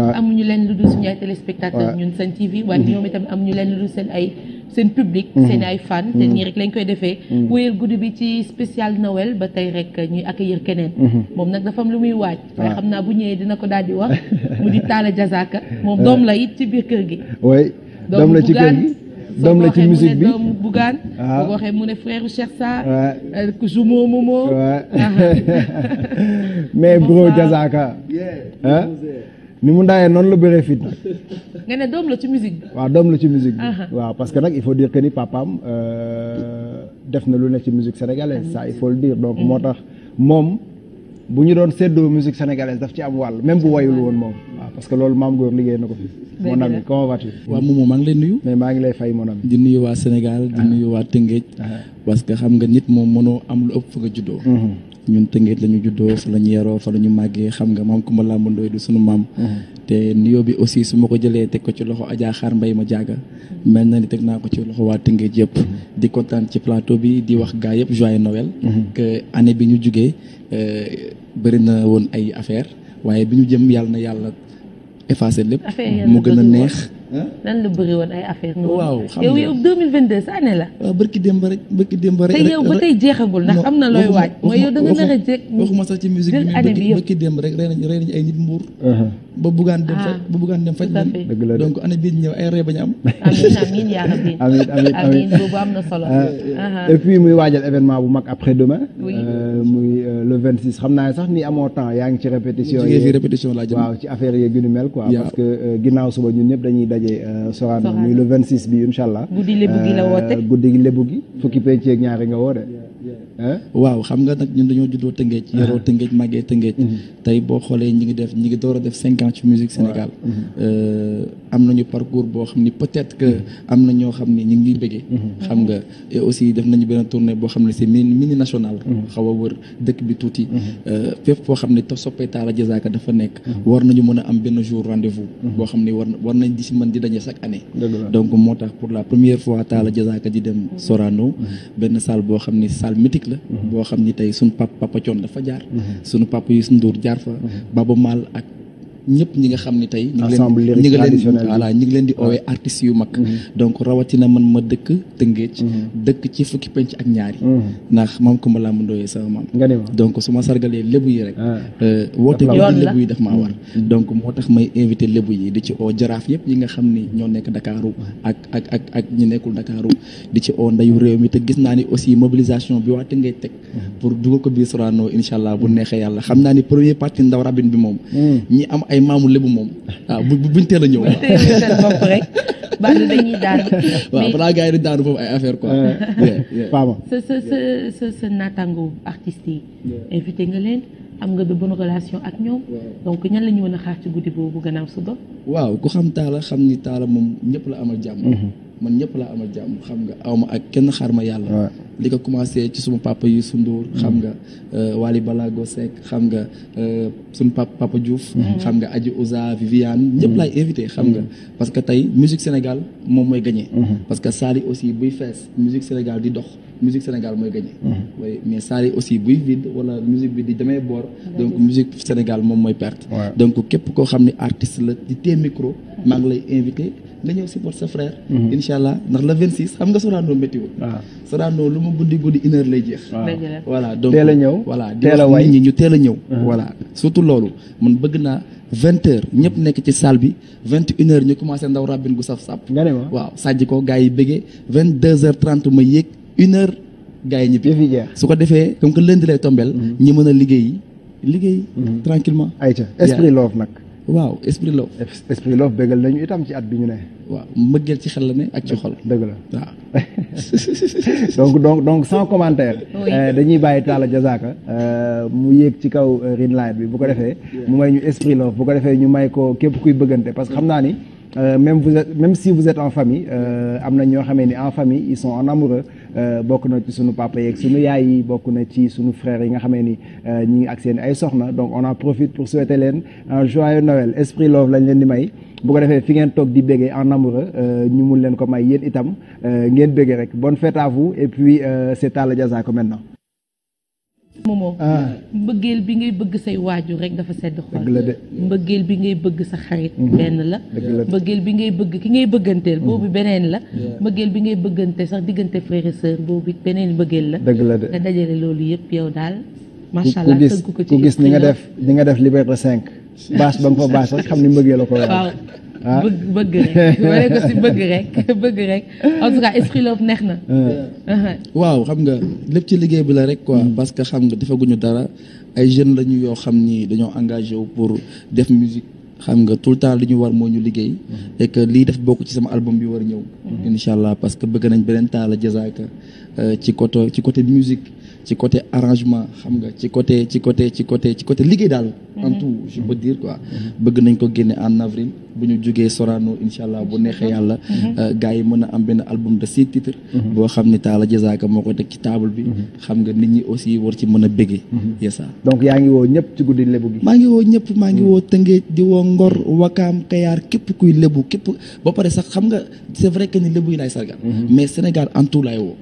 amuñu leen lu dul suñu ay téléspectateurs ñun seen TV waaye mhm. ñoom itam amuñu leen lu dul seen ay seen public mhm. seen ay fan te mhm. nii rek lañ koy defee wéyal guddi bi ci spécial Noël ba tey rek ñuy accueillir keneen moom nag dafa am lu muy waaj waaye xam naa bu ñëwee dina ko daal di wax mu di taala Diazaka moom doom la it ci biir kër gi way doom la ci kër gi doom la ci musique bi doom bugaan ah. boo waxee mu ne frère Cheikh Sarr euh, jumeau Momo mais bro Diazaka li mu ndaayee noonu la bëree fit nag. nga ne doom la ci musique bi. doom la ci musique bi. waaw parce que nag il faut dire que ni papaam euh, def na lu ne ci musique sénégalaise ça il faut le donc moo mm-hmm. tax moom bu ñu doon séddoo musique sénégalaise daf ci am wàll même bu wayul woon moom. waaw parce que loolu maam góor liggéey na ko fi. mon ami comment vas-tu. waaw Momo maa ngi lay nuyu. mais maa ngi lay fay mon ami. di nuyu waa Sénégal di ah. nuyu waa Tëngéej. Ah. parce que xam nga nit moom mënoo am lu ëpp fa ñun tëngeet la ñu juddoo fa la ñu yaroo fa la ñu màggee xam nga maam Kumba Lamb Ndoye du sunu maam te nuyoo bi aussi su ma ko jëlee teg ko ci loxo Adja Xaar Mbay ma jaaga mel na ni teg naa ko ci loxo waa tëngeet yëpp di kontaan ci plateau bi di wax gaa yëpp joyeux Noël que année bi ñu jugee euh, bëri na woon ay affaire waaye bi ñu jëm yàlla na yàlla effacé lépp mu gën a neex nan la bëri woon ay affaire waaw xam nga yow yow 2022 sa année la. waaw barki démb rek barki démb rek. te yow ba tey jeexagul ndax am na looy waaj. mooy yow da nga nar a jékki waxuma sax ci musique bi barki démb rek rey nañu rey nañu ay nit mbuur uh-huh. ba buggaan ah. dem faj ba buggaan dem faj leen donc année bii ñëw ay ree bañu am amiin amiin amiin amiin amiin boobu am na solo ah, ah. et puis muy waajal événement bu mag après demain euh, muy euh, le 26 xam naa sax ni amoo temps yaa ngi ci répétition yi répétition laa jëm waaw ci affaire yeeg yu ni mel quoi parce que euh, ginnaaw suba ñun ñëpp dañuy daje Sorano muy le 26 bi incha allah guddi lébu gi la woote guddi lébu gi fukki penc ak ñaari nga woote waaw xam nga nag ñu dañoo juddoo tëngeej yaroo tëngeej màggee tëngeej tey boo xoolee ñi ngi def ñi ngi door def cinq ans ci musique Sénégal euh, am nañu parcours boo xam ni peut que am na ñoo xam ni ñu ngi bëggee xam nga et aussi def nañu benn tournée boo xam ne c'est mini mini national xaw a wër dëkk bi tuuti euh, fépp foo xam ne te soppee Talla Diazaka dafa nekk war nañu mën a benn jour rendez-vous boo xam ne war war nañ di si mën di dañee chaque année donc moo tax pour la première fois Talla Diazaka di dem Sorano benn salle boo xam ni salle mythique nit la mhm. boo xam ni tey suñu pap papa Thione dafa jaar mhm. suñu papa Youssou Ndour jaar fa mhm. Baba Maal ak ñëpp ñi nga xam ni tey. ensemble lyrique traditionnel ñi ngi leen di oowee artistes yu mag. Mm-hmm. donc rawatina man ma dëkk Tëngéej. Mm-hmm. dëkk ci fukki penc ak ñaari. Mm-hmm. ndax maam Kumba Lamb Ndoye sama maam. nga ne ma donc su ma sargalee lébu yi rek. Ah. Euh, woote gi lébu yi daf maa war. donc moo tax may invité lébu yi di ci oo jaraaf yëpp yi nga xam ni ñoo nekk ndakaaru ak ak ak ak ñi nekkul ndakaaru di ci oo ndeyu réew mi te gis naa ni aussi mobilisation bi waa Tëngéej teg. pour dugal ko biir Sorano incha allah bu neexee yàlla xam naa ni premier parti ndaw rabin bi moom ay maamu lébu moom waaw bu buñ teel a ñëw. dañuy waaw balaa gars yi di daanu foofu ay affaire quoi. waaw sa sa sa sa yi. invité nga leen am nga de bonne relation ak ñoom. donc ñan la ñu a xaar ci guddi boobu gannaaw suba. waaw ku xam Talla xam ni Talla moom ñëpp la amal jàmm. Mm-hmm. man ñëpp laa amal jàmm xam nga aw ma ak kenn xaar ma yàlla. li ko commencé ci suma papa Youssou Ndour. Mm. xam nga euh, Waly Balago Seck xam nga euh, suñu papa papa Diouf. Mm. xam nga Adji Ouza Viviane. ñëpp mm. laay invité xam nga. parce que tey musique Sénégal moom mooy gagné. Mm-hmm. parce que saali aussi buy fees musique Sénégal di dox musique Sénégal mooy gagné. Mm-hmm. oui mais saali aussi buy vide wala musique bi di demee boor. donc musique Sénégal moom mooy perte. donc képp koo xam ne artiste la di micro maa lay invité. nga ñëw support sa frère. Mhm. incha allah ndax le 26 xam nga Sorano météo. waaw ah. Sorano lu mu guddi guddi une heure lay jeex. Ah. voilà donc teel a ñëw voilà di wax teel a ñëw. Ah. voilà surtout loolu man bëgg naa vingt ñëpp nekk ci salle bi vingt une heures ñu commencé ndaw rabin gu saf sàpp. nga ne ma waaw sàjj ko gars yi bëggee vingt deux heures trente ma yéeg une heure gars yi ñibbi. su ko defee comme que lundi lay tombel mhm. ñi mën a liggéey liggéey. Mhm. tranquillement ayca esprit love nag. waaw esprit love. esprit love bégal nañu itam ci at bi ñu ne. waaw mbëggeel ci xel la ne ak ci xol. dëgg la waaw. donc donc donc sans commentaire. Euh, dañuy bàyyi Talla Diazaka. Euh, mu yéeg ci kaw euh, ring light bi bu ko defee. mu may ñu esprit love bu ko defee ñu may ko képp kuy bëggante parce que xam naa ni. Euh, même même si vous êtes en famille euh, am na ñoo xamee ni en famille ils sont en amoureux euh, bokk na ci suñu papa yeeg suñu yaay yi bokk na ci suñu frères yi nga xamee ni ñi ngi ak seen ay soxna donc on a profit pour souhaiter leen un joyeux Noël esprit love lañ leen di may bu ko defee fi ngeen toog di béggee en amoureux ñu mun leen ko may yéen itam ngeen béggee rek bon fête à vous et puis c'est Talla Diazaka maintenant moomoo ah. mbëggeel bi ngay bëgg say waajur rek dafa sedd xol mbëggeel bi ngay bëgg sa xarit mhm. benn la mbëggeel bi ngay bëgg ki ngay bëgganteel mhm. boobu beneen la mbëggeel bi ngay bëggante sax diggante frère et sœur boobu beneen mbëggeel la nga dajale loolu yëpp yow daal macha allah tëgg ko ci ku gis ni nga def ni nga def liberté cinq baas ba nga fa baas rek xam ni mbëggeel la ko waaw Ah. bëgg bëgg rek wane ko si bëgg rek bëgg rek en neex na. Ah. Uh-huh. waaw xam nga lépp ci liggéey bi la rek quoi mm. parce que xam nga defaguñu dara ay jeunes lañu yoo xam ni dañoo engagé wu pour def musique xam nga tout le temps li ñu war moo ñu liggéey. Mm-hmm. et que lii def bokk ci sama album bi war a ñëw. Mm-hmm. incha allah parce que bëgg nañ beneen taal la jazaaka euh, ci côté ci côté musique. ci côté arrangement xam nga ci côté ci côté ci côté ci côté liggéey daal. Mm-hmm. en tout je peux dire quoi. Mm-hmm. bëgg nañ ko génne en avril bu ñu jugee Sorano incha allah bu neexee yàlla. Mm-hmm. Euh, gaa yi mën a am benn album de six titres. boo xam ni Talla Diazaka moo ko de ci table bi. xam nga nit ñi aussi war ci mën a béggee. yesa donc yaa ngi woo ñëpp ci guddi lébu gi. maa ngi woo ñëpp maa ngi woo Tëngéej di woo Ngor Wakaam Kayaar képp kuy lébu képp ba pare sax xam nga c'est vrai que ni lébu yi laay sargal. mais Sénégal en tout laay woo.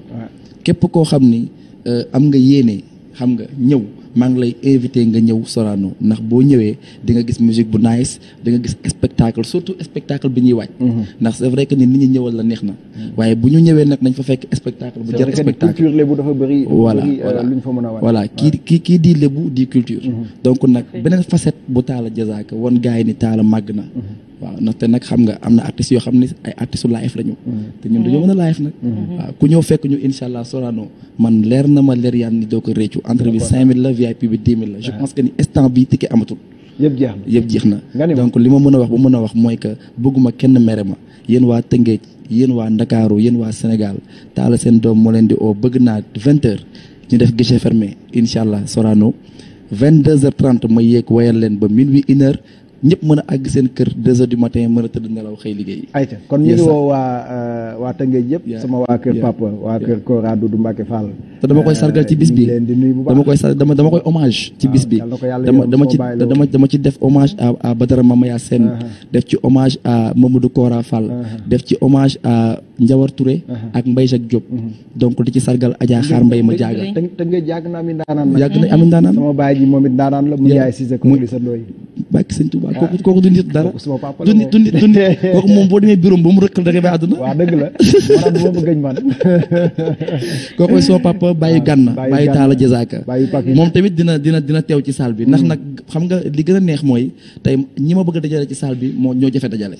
koo xam ni. Euh, am nga yéene xam nga ñëw maa ngi lay invité nga ñëw Sorano ndax boo ñëwee di nga gis musique bu nice di nga gis spectacle surtout spectacle bi ñuy waaj. Mhm. ndax c'est que ni nit ñu ñëwal la neex na. Mhm. waaye bu ñu ñëwee nag nañ fa fekk spectacle bu jar spectacle culture lébu dafa bëri. voilà euh, lu fa mën a voilà kii kii kii di lébu di culture. Mhm. donc nag beneen facette bu taala jazaaka wan gars yi ni taala màgg na. waaw ndaxte nag xam nga am na artistes yoo xam ne ay artistes live lañu. te ñun dañoo mën a live nag. Mm-hmm. waaw ku ñëw fekk ñu incha allah Sorano man leer na ma leer yaan ni doo ko réccu entre bi 5000 la que ni instant bi ticket amatul. yëpp jeex na yëpp jeex na. donc li a wax ba mën a wax mooy que bëgguma kenn mere ma yéen waa Tëngéej yéen waa Ndakaaru yéen waa Sénégal taala seen doom moo leen di oo bëgg naa 20 heures ñu def guichet fermé incha allah Sorano 22h30 ma yéeg wayal leen ba minuit une heure. ñëpp mën a àgg seen kër deux heures du matin mën a tëdd nelaw xëy liggéey ayca kon ñu ngi woo waa euh, waa Tëngéej yëpp sama waa kër papa waa kër Kora Doudou Mbacké Fall te dama koy sargal ci bis bi euh, dama koy sar dama dama koy hommage ci bis bi ah, dama dama ci dama dama ci def hommage à Badara Mamaya Sène ah, ah. def ci hommage à Mamadou Kora Fall def ci hommage à Ndiawar Touré ak Mbaye Jacques Diop mm-hmm. donc di ci sargal Adja Xaar Mbaye ma jaaga Tëngéej yàgg na am ndaanaan yàgg na am i ndaanaan sama baay ji moom it ndaanaan la mu yaay Cissé ko li sa kooku kooku du dara du nit du nit kooku moom boo demee bureau ba mu rëkkal da ngay bàyyi àdduna waaw dëgg la moom gëñ man kooku mooy sama papa bàyyi ah, gànna bàyyi taala jazaaka moom tamit dina dina dina teew ci salle bi ndax hmm. nag xam nga li gën a neex mooy tey ñi ma bëgg a dajale ci salle bi moo ñoo jafe dajale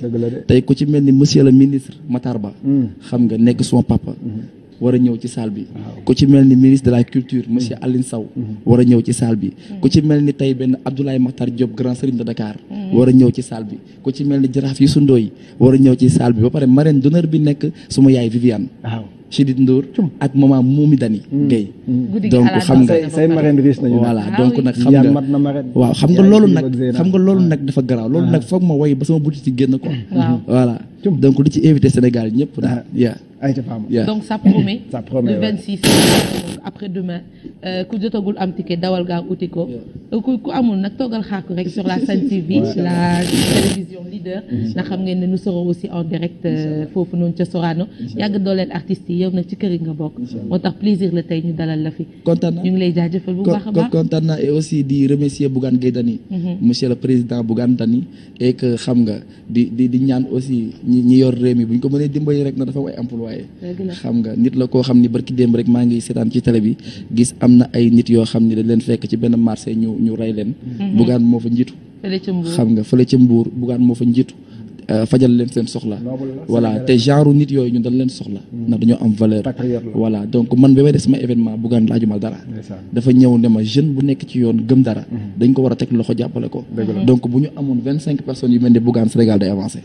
tey ku ci mel ni monsieur le ministre Matar Ba hmm. xam nga nekk sama papa hmm. war a ñëw ci salle bi ku ci mel ni ministre de la culture monsieur mm-hmm. Aline Sow mm-hmm. war a ñëw ci salle bi mm-hmm. ku ci mel ni tey benn Abdoulaye Makhtar Diop grand serigne de Dakar war a ñëw ci salle bi ku ci mel ni jaraaf Youssou Ndoye war a ñëw ci salle bi ba pare marraine d'honneur bi nekk suma yaay Viviane Chidid Ndour ak maman Moumi Dani Guèye donc xam nga ah waaw xam nga loolu nag xam nga loolu nag dafa garaaw loolu ah. nag foog ma woy ba sama buti ci génn quoi voilà donc li ci invité Sénégal ñëpp daal ah. yaa Yeah. donc ça promet ça promet le 26 après demain euh, ku jotagul am ticket dawal gaaw uti ko ku amul nag toogal xaar ko rek sur la Sen TV la leader ndax xam ngeen ne nous serons aussi en direct euh, foofu noonu ca Sorano yàgg dooleel artistes yi yow nag ci kër yi nga bokk moo tax plaisir la tey ñu dalal la fi kontaan a naa aussi di remercier Bougane Gueye Dany mhm. monsieur le président Bougane Dany et xam nga di di ñaan aussi ñi yor réew mi bu ko mënee dimbali rek na dafa am ay employé xam nga nit la koo xam ni barki démb maa ngi seetaan ci télé bi gis am na ay nit yoo xam ni dañ leen fekk ci benn marché ñu rey leen mhm. Bougane xam nga fële ca mbuur bugaan moo fa njiitu euh, fajal leen seen soxla voilà te genre nit yooyu ñun dañ leen soxla mm. ndax dañoo am valeur voilà donc man bi may sama événement buggaan laajuma dara dafa ñëw ne ma jeune bu nekk ci yoon gëm dara mm-hmm. dañ ko war a teg loxo jàppale ko mm-hmm. donc bu ñu amoon vingt cinq personnes yu mel ne buggaan Sénégal day avancé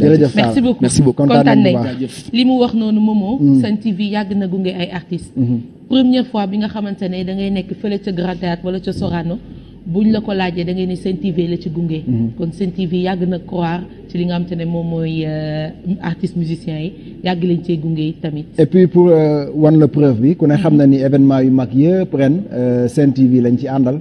jërëjëf merci beaucoup kontaan nañ li mu wax noonu Momo mm. Sen TV yàgg na gunge ay artistes mm-hmm. bu ñu la ko laajee da ngay ne TV la ci gunge. Mhm. kon Sen TV yàgg na croire ci li nga xam te ne moom mooy euh, artistes musiciens yi yàgg lañ cee gunge tamit. et puis pour euh, wan la preuve bi ku ne xam na ni mhm. événement yu mag yëpp ren euh, Sen TV lañ ci àndal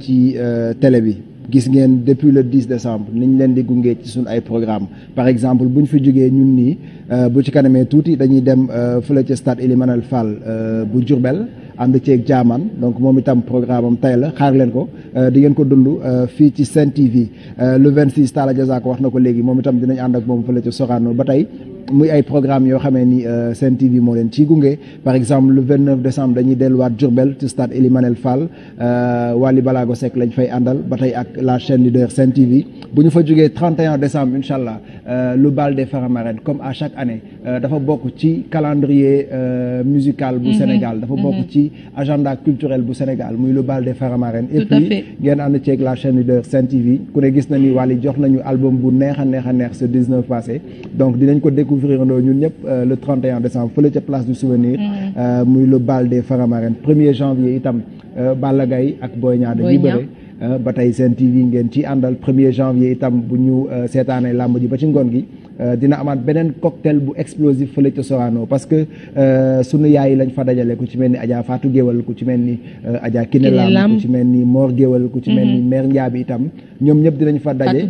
ci télé bi. gis ngeen depuis le 10 décembre niñ leen di gunge ci suñu ay programme par exemple bu ñu fi jógee ñun nii bu ci kanamee tuuti dañuy dem fële ca stade Elimane Fall bu Diourbel. ànd ceeg jaaman donc moom itam programme am tey la xaar leen ko euh, di ko dund euh, fii ci Sen TV euh, le 26 Talla Diazaka wax na ko léegi moom itam dinañ ànd ak moom fële ca Sorano ba tey muy ay programme yoo xamee ni euh, Sen TV moo leen gunge par exemple le 29 décembre dañuy delluwaat Diourbel ci stade Elimanel Fall euh, Wally Balago Seck lañ fay àndal ba tey ak la chaîne leader Sen TV bu ñu fa jógee 31 décembre incha allah euh, lu bal de Faramarènes comme à chaque année dafa bokk ci calendrier musical bu mhm. Sénégal dafa bokk mhm. ci agenda culturel bu Sénégal muy lu bal de faramaren et puis ngeen ànd ceeg la chaîne leader Sen TV ku ne gis na ni Wally jox nañu album bu neex a neex neex ce 19 passé donc découvrirandoo ñun ñëpp euh, le 31 décembre fële ca place du souvenir mm. euh, muy le bal des Faramaren premier janvier itam euh, Balla Gaye ak Boy Niang dañuy bëre ba tey seen TV ngeen ci àndal premier janvier itam bu ñu seetaanee làmb ji ba ci ngoon gi Euh, dina amaan beneen cocktail bu explosif fële ca Sorano parce que euh, sunu yaay yi lañ fa dajale ku ci mel ni Adja Fatou Géwal ku ci mel ni euh, Adja Kiné Lam ku ci mel ni Mor Géwal ku ci mel ni mhm. Mère Ndiaby itam ñoom ñëpp dinañ fa daje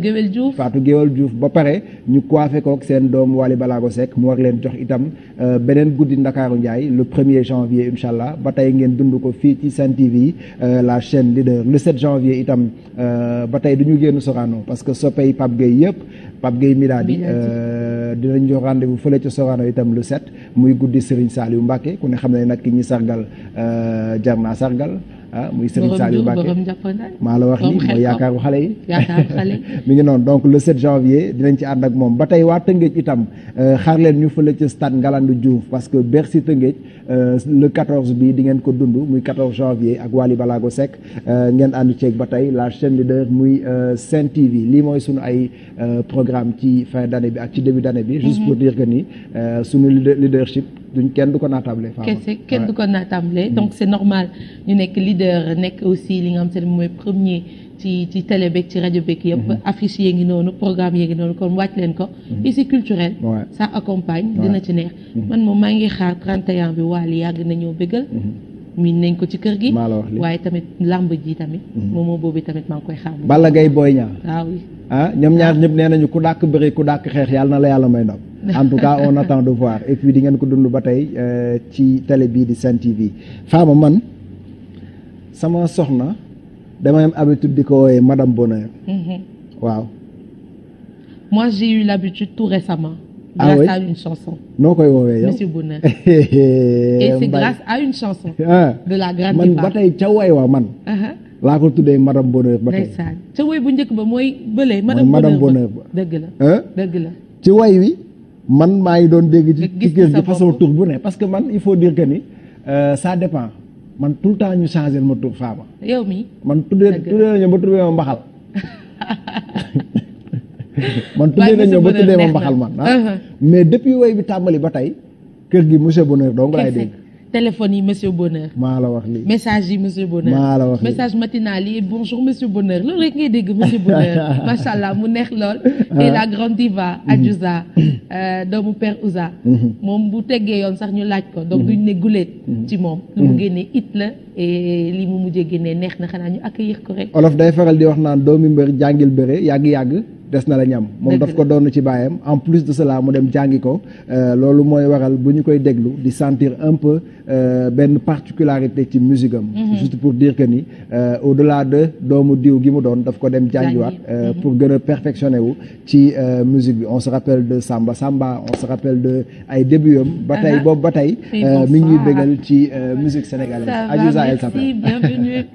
Fatou Géwal Diouf ba pare ñu coiffé kook seen doom Wally Balago Seck mu war leen jox itam beneen guddi Ndakaaru Ndiaye le premier janvier incha allah ba tey ngeen dund ko fii ci Sen TV la chaîne leader le 7 janvier itam ba tey duñu ñu génn Sorano parce que soppey Pape Gueye yëpp Pape Gueye Miladi euh, dinañ jox rendez-vous fële ca Sorano itam lu set muy guddi Serigne Saliou Mbacké ku ne xam ne nag ki ñi sargal euh, jar naa sargal ah muy Serigne Saliou Mbacké maa la wax ni mooy yaakaaru xale yi mi ngi noonu donc le 7 janvier dinañ ci ànd ak moom ba tey waa Tëngéej itam euh, xaar leen ñu fële ci stade Ngalandou Diouf parce que Bercy Tëngéej euh, le bi di ngeen ko dund muy 14 janvier ak Wally Balago Seck euh, ngeen ànd ceeg ba tey la chaîne leader muy Sen TV lii mooy sunu ay programme ci fin d'année bi ak ci début d'année bi juste mhm. pour dire que ni sunu leadership duñ kenn du ko naatable kenn du ko naatable nekk aussi li nga am seen ne mooy premier ci ci télé beeg ci rajo beeg yëpp mm-hmm. affiche yee ngi noonu programme yee ngi noonu kon wàcc leen ko et mm-hmm. c'est culturel ça accompagne dina ci neex mm-hmm. man moom maa ngi xaar 31 bi waali yàgg nañoo bëggal miin nañ ko ci kër gi waaye tamit làmb ji tamit moom moo boobu tamit maa ngi koy xaar Balla Gaye Boy Niang waaw ah, ah ñoom ñaar ah. ñëpp nee nañu ku dàkk bëree ku dàkk xeex yàlla na la yàlla may ndam en tout cas on attend de voir et puis di ngeen ko dund ba tey euh, ci télé bii di Sen TV Fama man sama soxna damay am habitude di ko wooyee madame Bonheur. Mhm. waaw. Ah monsieur Bonheur. Eh, et c'est grâce à une chanson. Ah. man ba tey ca way wa man. Uh-huh. laa ko tuddee madame Bonheur ba tey. ca way bu njëkk ba mooy bële. madame Bonheur ba dëgg la. ci way wi man maa ngi doon dégg. ci kër gi façon tur bu ne parce que man il faut dire que ni euh, dépend. man tout le temps ñu changé ma tur faama. yow mi man tuddee tuddee nañu ba tuddee ma mbaxal. man tuddee nañu ba tuddee ma mbaxal man. Ah. Uh-huh. mais depuis way bi tàmbali ba tey kër gi monsieur Bonheur dong laay dégg. téléphone yi monsieur Bonheur. maa la wax lii message yi monsieur Bonheur. maa la wax lii message matinal yi bonjour monsieur Bonheur loolu rek ngay dégg monsieur Bonheur macha allah mu neex lool. Ah. et la grande diva. Mm-hmm. Adiouza mm-hmm. euh, doomu per Ouza. Mm-hmm. moom bu teggee yoon sax ñu laaj ko donc duñ ne guleet ci moom. lu mu génnee it la li mu mujjee génnee neex na xanaa ñu accueillir ko rek. olof day faral di wax naan doomi mbër jàngil bëre yàgg yàgg. des na la ñam moom daf ko doon ci baayam en plus de cela mu dem jàngi ko euh, loolu mooy waral bu ñu koy déglu di sentir un peu euh, benn particularité ci musique am mhm. juste pour dire que ni euh, au de delà de doomu diw gi mu doon daf ko dem jàngiwaat mhm. pour gën a wu ci musique bi on se rappelle de sàmba Samba on se rappelle de ay début am ba tey boobu ba tey mi ngi bégal ci musique sénégalaise Adiouza elle s'appelle bienvenue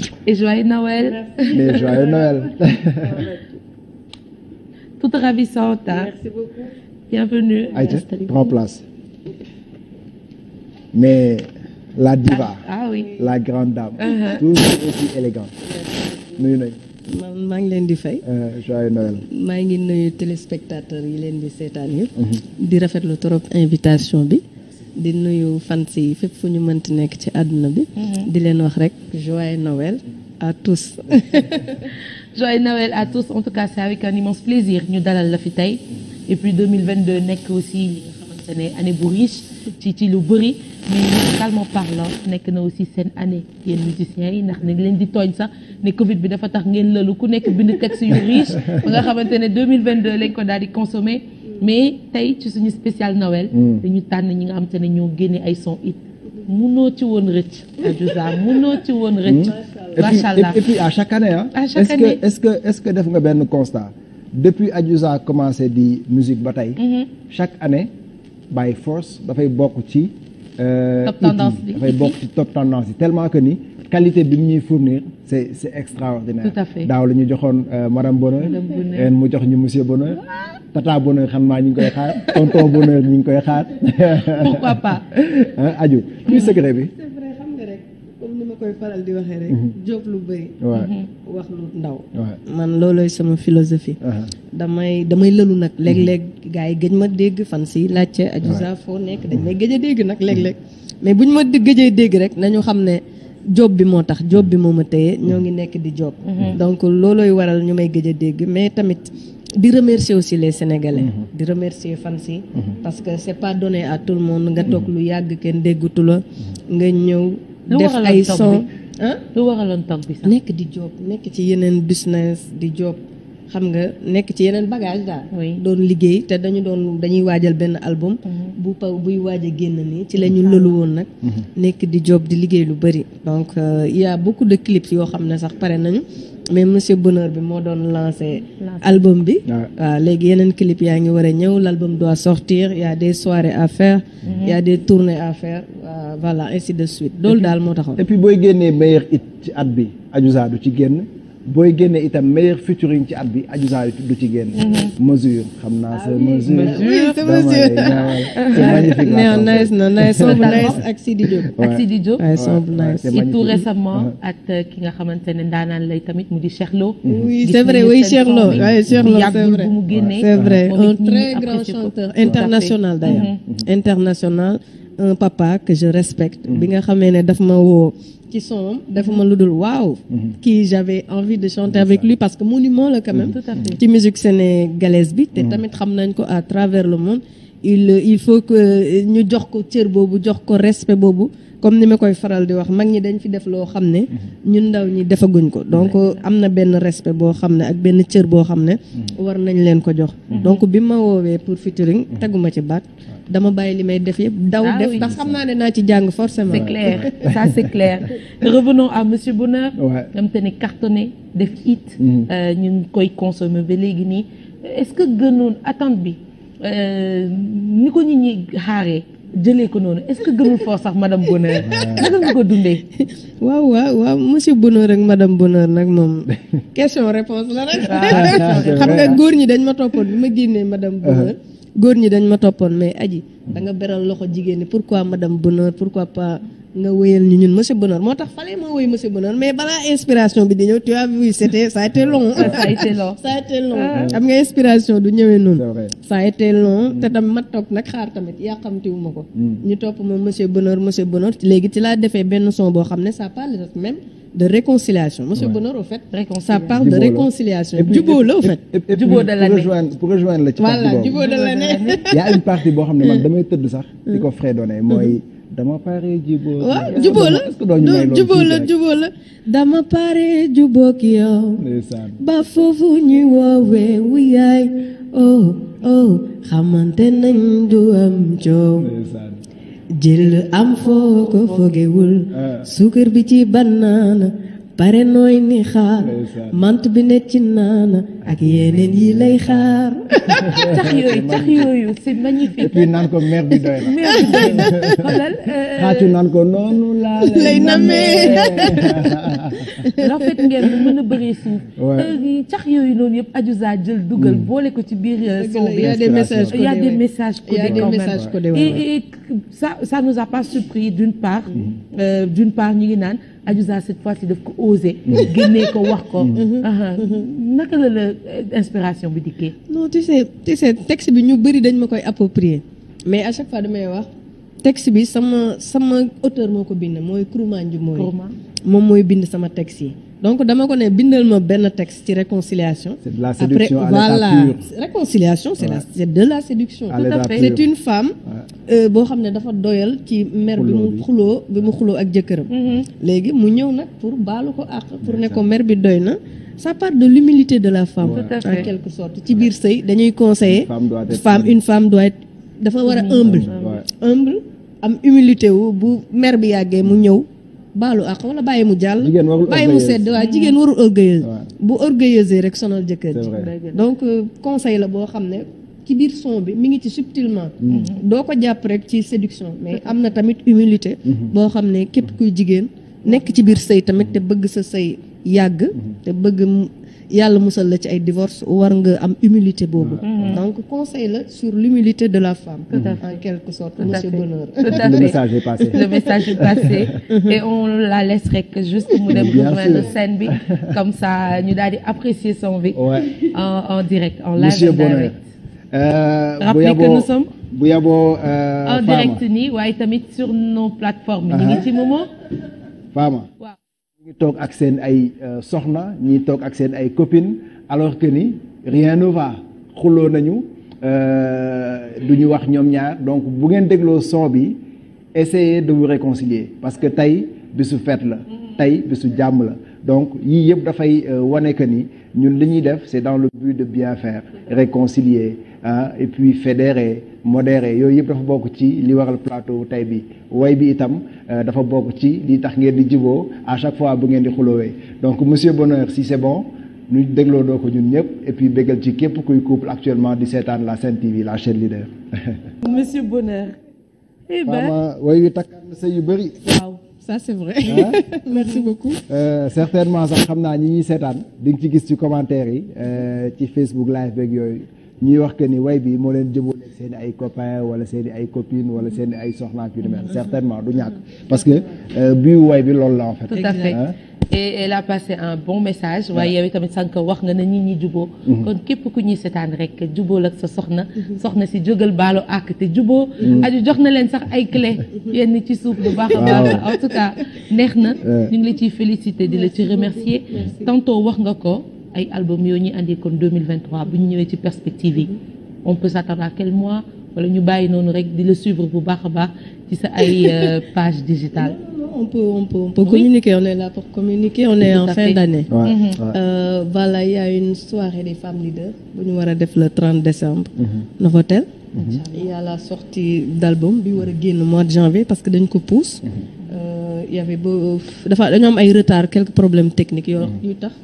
et joyeux Noël et joyeux Noël toute ravissante. Merci beaucoup. Bienvenue. Aïcha, prends place. Mais la diva. Ah, ah la grande dame. Uh-huh. toujours aussi élégante. nuyu nañu. man maa ngi leen di fay. Euh, joyeux Noël. maa ngi nuyu téléspectateurs yi leen di seetaan yëpp. Mhm. di rafetlu trop invitation bi. di nuyu fans yi fépp fu ñu mënti nekk ci àdduna bi. Mhm. di leen wax rek joyeux Noël à tous. Joyeux Noël à tous en tout cas c'est avec un immense plaisir ñu dalal la fi tey et puis 2022 nekk aussi nga xamante ne année bu riche ci lu bëri mais musicalement parlant nekk na aussi seen année yéen musiciens yi ndax nañ leen di tooñ sax ne Covid bi dafa tax ngeen lëlu ku nekk bind texte yu riche ba nga xamante ne 2022 lañ ko daal di consommer mais tey ci suñu spécial Noël mm. ñu tànn ñi nga xamante ne ñoo génne ay son it mënoo ci woon rëcc Adiouza mënoo ci woon rëcc hmm? macha allah et puis à chaque année est ce que est ce que def nga benn constat depuis Adiouza commencé di musique ba tey mhm. chaque année by force dafay bokk ci euh, top tendance bi dafay bokk ci top tendance yi tellement que nii qualité bi ñu ñuy fournir c' est c' est daaw la ñu joxoon euh, madame Bonheur. ren mu jox ñu monsieur Bonheur. tata Bonheur xam naa ñu ngi koy xaar tonton Bonheur ñu ngi koy xaar. pourquoi pas. bi. koy faral di waxee mhm. lu ba waaw mhm. wax lu ndaw. man loolooy sama philosophie. Uh-huh. damay damay lëlu nag mhm. léeg-léeg gars yi gëj ma dégg fan si laajte. waaw Adiouza foo nekk dañ may gëj dégg nag léeg-léeg mais buñ ma gëjee dégg rek nañu xam ne. job bi moo tax job bi mm-hmm. moo ma téye ñoo ngi nekk di job mm-hmm. donc loolooy waral ñu may gëj a dégg mais tamit di remercier aussi les sénégalais mm-hmm. di remercier fans yi parce que c'est pas donné à tout le monde nga toog lu yàgg kenn déggutu la nga ñëw def ay son lu waraloon bi nekk di job nekk ci yeneen business di job xam nga nekk ci yeneen bagage daal doon liggéey te dañu doon dañuy waajal benn album mhm. bu pa buy waaj génn nii ci lañu mhm. ñu woon nag mhm. nekk di job di liggéey lu bëri donc il euh, y a beaucoup de yoo xam ne sax pare nañu mais monsieur Bonheur bi moo doon lancé album bi waaw léegi yeneen clip yaa ngi war a ñëw l'album doit sortir il y a des soirées à faire il y a des tournées faire voilà ainsi de suite loolu daal moo taxoon et booy génnee meilleur it ci at bi Adiouza du ci génn booy génne itam meilleur featuring ci at bi Adji Sarr du ci génn. Mhm. mesure xam naa sa ah mesure. oui na nice son bu nice ak Sidi Diop. récemment ak euh, ki nga xamante ne ndaanaan la tamit mu di Cheikh Lo. Mhm. oui c'est vrai c'est vrai c'est vrai un très grand chanteur international d'ailleurs mhm. international. un papa que je respecte. bi nga xamee ne daf ma woo ci son dafa ma lu dul waaw. kii j'avais envie de chanter avec lui parce que monument la quand même. ci musique sénégalaise bi. te mm. tamit xam nañ ko à travers le monde. il il faut que ñu jox ko cër boobu jox ko respect boobu comme ni ma koy faral di wax mag ñi dañ fi def loo xam ne mm-hmm. ñun ndaw ñi defaguñ ko donc am na benn respect boo xam ne ak benn cër boo xam ne mm-hmm. war nañ leen ko jox mm-hmm. donc bi ma woowee pour featuring dama bàyyi li may def yëpp daw ah def ndax xam naa ne naa ci jàng forcément. c'est clair ça c'est nga xamante ne cartonné def it. Mm-hmm. Euh, ñu ngi koy consommer ba léegi nii est-ce que gënoon attente bi euh, ni ko nit ñi xaaree. jëlee ko noonu est-ce que gënul foofu sax madame Bonheur naka waaw waaw waaw monsieur Bonheur ak madame Bonheur nag moom ñi dañ ma toppoon bi ma génnee madame uh-huh. Bonheur. góor ñi dañ ma toppoon mais aji da nga beral loxo jigéen ñi ma madame Bonheur pourquoi pas nga wéyal ñu ñun monsieur Bonheur moo tax fale moo wéy monsieur Bonheur mais balaa inspiration bi di ñëw tu as vu c'était ça a été long. ça a long ça ah. xam nga inspiration du ñëwee noonu. saa a été long te mm. tamit ma toog nag xaar tamit yàqamtiwu ma ko. Mm. ñu topp ma monsieur Bonheur monsieur Bonheur léegi ci laa defee benn son boo xam ne ça parle même. de réconciliation monsieur ouais. a au fait. ça parle de réconciliation. jubóo la au fait. jubóo de l'année pour rejoindre la ci voilà boo xam ne man damay tëdd sax. di ko fredonné mm-hmm. mooy. dama mooy jubóo. waaw jubóo la do jubóo la jubóo la. dama pare jubóo ki yow. ba foofu ñuy woowee wuyaay oh oh xamante nañ du am coow. jël am foo ko fogewul ah. suukar bi ci banana pare nooy ni xaar mant bi ne ci naana ak yeneen yi lay xaar. tax yooyu tax yooyu c'est magnifique. et naan ko mère bi doy na. mère bi doy euh, noonu laa lay namee. a euh, yooyu noonu yëpp Adiouza jël dugal. Mm. boole ko ci biir euh, son bi. y a des messages codés y a des messages nous a pas surpris d'une part. Mm. d'une ñu ngi naan. Adiouza cette fois-ci daf ko osé. génnee ko wax ko. Mm-hmm. Ah, ah. naka la la euh, inspiration bi dikkee. non tu sais tu sais texte bi ñu bëri dañ ma koy approprier mais à chaque fois damay wax texte bi sama sama auteur moo ko bind mooy Kourouma Ndioum. Kourouma moom mooy bind sama texte yi. donc dama ko ne bindal ma benn texte ci réconciliation. la séduction Après, à réconciliation c'est la c'est de la séduction. À tout à fait c'est une femme. Euh, boo xam ne dafa doyal ci mer bi mu xuloo bi mu xuloo ak jëkkëram. Mm-hmm. léegi mu ñëw nag pour baalu ko àq pour ne ko mer bi doy na. ça part de l'humilité de la femme. Ouais. en ci biir sëy dañuy conseiller. femme une femme doit dafa war a mm-hmm. humble. humble am humilité wu bu mer bi yàggee mu ñëw. baalu àq wala bàyyi mu jàll. bàyyi mu sedd waaw jigéen warul orgueilleuse. bu orgueilleuse rek sonal jëkkër ji. donc euh, conseil la boo xam ne ci biir son bi mi ngi ci subtilement. Mm-hmm. doo ko jàpp rek ci séduction mais am na tamit humilité. Mm-hmm. boo xam ne képp kuy jigéen nekk ci biir sëy tamit te bëgg sa sëy yàgg. Mm-hmm. te bëgg yàlla musal la ci ay divorce war nga am humilité boobu mm. Mm. donc conseil la sur l'humilité de la femme tout à fait. en quelque sorte tout monsieur Bonheur tout à fait le message est et on la laisse rek juste mu dem rejoindre scène bi comme ça ñu daal di apprécier son vie ouais. en en direct en live monsieur Bonheur euh, que nous sommes euh, en direct nii waaye tamit sur nos plateformes ñu ngi uh-huh. ci moment Fama ñu toog ak seen ay euh, soxna ñi toog ak seen ay copines alors que ni rien ne va xuloo nañu euh, du ñu wax ñoom ñaar donc bu ngeen dégloo son bi essayez de vous réconcilier parce que tey bisu fête la tey bisu jàmm la donc yii yëpp dafay euh, wane que ni ñun li ñuy def c'est dans le but de bien faire réconcilier ah et puis fédérer modéré yooyu yëpp dafa bokk ci li waral plateau tay bi way bi itam euh, dafa bokk ci li tax ngeen di jiboo à chaque fois bu ngeen di xulowee donc monsieur Bonheur si c'est bon ñu dégloo doo ko ñun ñëpp et puis bégal ci képp kuy couple actuellement di seetaan la Sen TV la chaîne leader. monsieur Bonheur. eh ben maama way wi takk yu bëri. waaw ça c'est vrai. Ah. merci euh, sax xam naa ñi ñuy seetaan di nga ci gis ci commentaire yi euh, ci Facebook live beeg yooyu. ñuy wax que ni way bi moo leen jëboole seen ay copains wala seen i ay copines wala seen i ay soxnaak yu mel mm-hmm. certainement du ñàkk parce que euh, bu way bi lool la en fait. tout à fait et la a passé un bon message waaye yow tamit sànq wax nga na nit ñi juboo mm-hmm. kon képp ku ñuy seetaan rek juboo ak sa soxna mm-hmm. soxna si jógal baalo àkk te juboo aju jox na leen sax ay clé yenn ci suuf bu baax a baax en tout cas neex na ñu ngi la ciy féliciter di la ci remercier tantôt wax nga ko ay album yoo ñu andi kon 2023 bu ñu ñëwee ci perspective yi on peut s'attendre à quel mois wala ñu bàyyi noonu rek di la suivre bu baax a baax ci sa ay euh, page digitale on peut on peut on peut oui. communiquer on est là pour communiquer on est Tout en fin d'année ouais, mm une soirée des femmes leaders bu ñu war a def le trente décembre mm -hmm. Novotel mm -hmm. il la sortie d'album bi war a génn mois de janvier parce que dañ ko pousse mhm. euh, il y avait dafa dañoo am ay retard quelques problème technique yoo mhm. yu tax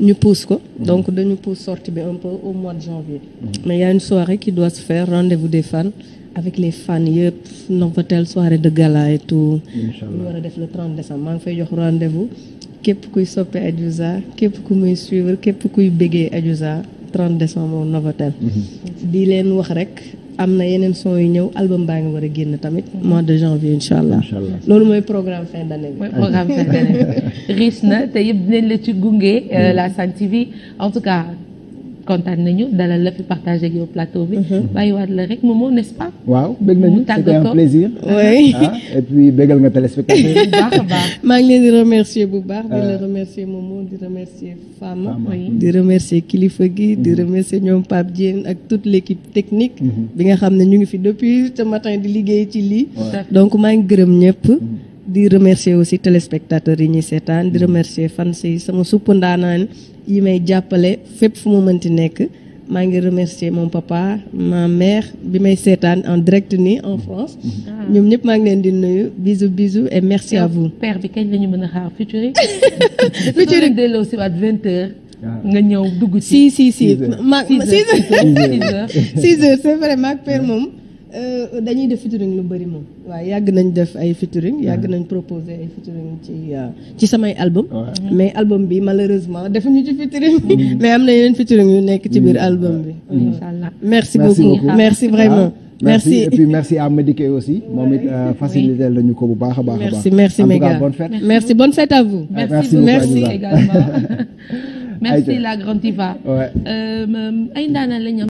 ñu pousse ko donc dañu pousse sortie bi un peu au mois de janvier mais il y a une soirée qui doit se faire des fans avec les fans yëpp Novotel soirée de gala et ñu war def le 30 décembre maa ngi fay jox rendez-vous képp kuy soppe Adiouza képp ku muy suivre képp kuy bëggee Adiouza 30 décembre Novotel mhm. di leen wax rek am na yeneen son yu ñëw album baa ngi war a génn tamit mois de janvier incha allah loolu mooy programme fin d'année bi mooy programme fin d'année riche na te yëpp dinañ la ci gunge euh, mm. la Sen TV en tout cas kontaan nañu dalal la fi partagé ak yow plateau bi. Mhm. bàyyiwaat la rek Momo n'est-ce waaw bëgg nañu c'était un plaisir. Ah, a maa ngi leen di remercier bu baax. di la euh. remercier Momo di remercier Fama. di remercier kilifa gi. di mhm. remercier ñoom Pape Diène ak toute l'équipe technique. Mhm. bi nga xam ne ñu ngi fi depuis ce matin di liggéey ci lii. donc maa ngi gërëm ñëpp. di remercier aussi téléspectateurs yi ñuy seetaan di mm. remercier fans yi sama supp yi may jàppale fépp fu mu mënti nekk maa ngi remercier mon papa ma mère bi may seetaan en direct ni en mm. France. Ah. ñoom ñëpp maa ngi leen di nuyu bisous bisous et merci à vous. père bi kañ lañu mën a xaar Futurique. Futurique delloo si waat 20h. Ah. nga ñëw dugg ci. si si si ma 6 heures 6 heures c'est vrai maag père moom. Euh, dañuy def featuring lu bëri moom waaw yàgg nañ def ay featuring yàgg mm-hmm. nañ proposer ay featuring ci euh, ci samay album mm-hmm. mais album bi malheureusement defuñu ci featuring mm-hmm. mais am na yeneen featuring yu nekk ci biir album bi inchallah merci beaucoup merci vraiment ah, Merci. merci et puis merci aussi moom it euh, facilité lañu ko bu baax a baax. merci merci mes gars en tout cas bonne fête. merci bonne fête à vous. merci merci également merci la